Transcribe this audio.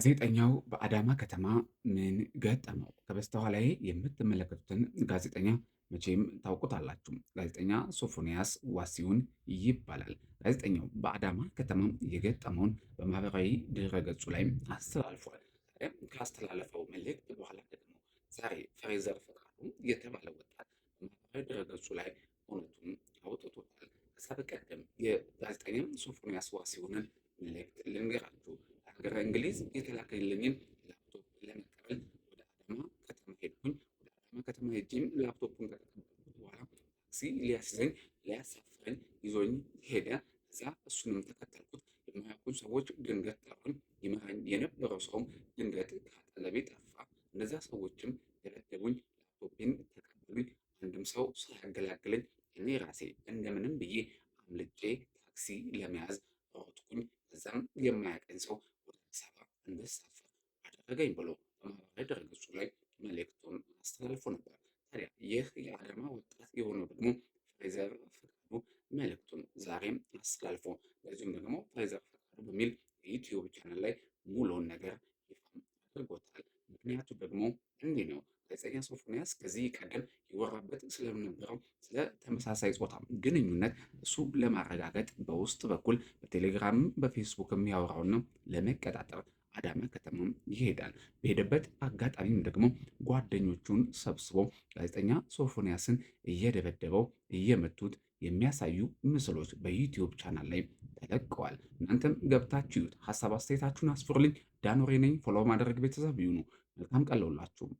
ጋዜጠኛው በአዳማ ከተማ ምን ገጠመው? ከበስተኋላዬ የምትመለከቱትን ጋዜጠኛ መቼም ታውቁታላችሁ። ጋዜጠኛ ሶፎንያስ ዋሲውን ይባላል። ጋዜጠኛው በአዳማ ከተማ የገጠመውን በማህበራዊ ድረገጹ ላይ አስተላልፏል። ካስተላለፈው መልእክት በኋላ ደግሞ ዛሬ ፍሬዘር ፈቃዱ የተባለ ወጣት በማህበራዊ ድረገጹ ላይ እውነቱን አውጥቶታል። ከዛ በቀደም የጋዜጠኛ ሶፎንያስ ዋሲውንን መልእክት ልንገራችሁ ሀገረ እንግሊዝ የተላከልኝን ላፕቶፕ ለመቀበል ወደ አዳማ ከተማ ሄድኩኝ። ወደ አዳማ ከተማ ሄጄም ላፕቶፑን ከተቀበልኩት በኋላ ታክሲ ሊያስዘኝ ሊያሳፍረኝ ይዞኝ ሄደ። ከዛ እሱንም ተከተልኩት። የማያውቁኝ ሰዎች ድንገት ጠሩኝ። ይመራኝ የነበረው ሰውም ድንገት ከአጠገቤ ጠፋ። እነዛ ሰዎችም ደበደቡኝ፣ ላፕቶፔን ተቀበሉኝ። አንድም ሰው ሳያገላግለኝ እኔ ራሴ እንደምንም ብዬ አምልጬ ታክሲ ለመያዝ ሮጥኩኝ። ከዛም የማያቀኝ ሰው እንድሳፈር አደረገኝ ብሎ በማህበራዊ ድረገጹ ላይ መልእክቱን አስተላልፎ ነበር። ታዲያ ይህ የአዳማ ወጣት የሆነው ደግሞ ፍሬዘር ፈቃዱ መልእክቱን ዛሬም አስተላልፎ በዚሁም ደግሞ ፍሬዘር ፈቃዱ በሚል የዩትዩብ ቻናል ላይ ሙሉውን ነገር ይፋ አድርጎታል። ምክንያቱ ደግሞ እንዲህ ነው። ጋዜጠኛ ሶፎንያስ ከዚህ ቀደም ይወራበት ስለነበረው ስለ ተመሳሳይ ጾታ ግንኙነት እሱ ለማረጋገጥ በውስጥ በኩል በቴሌግራምም በፌስቡክም የሚያወራውን ነው ለመቀጣጠር አዳማ ከተማም ይሄዳል። በሄደበት አጋጣሚም ደግሞ ጓደኞቹን ሰብስቦ ጋዜጠኛ ሶፎንያስን እየደበደበው እየመቱት የሚያሳዩ ምስሎች በዩቲዩብ ቻናል ላይ ተለቀዋል። እናንተም ገብታችሁ እዩት። ሀሳብ አስተያየታችሁን አስፍሩልኝ። ዳኖሬ ነኝ። ፎሎ ማድረግ ቤተሰብ ይሁኑ። መልካም ቀለውላችሁም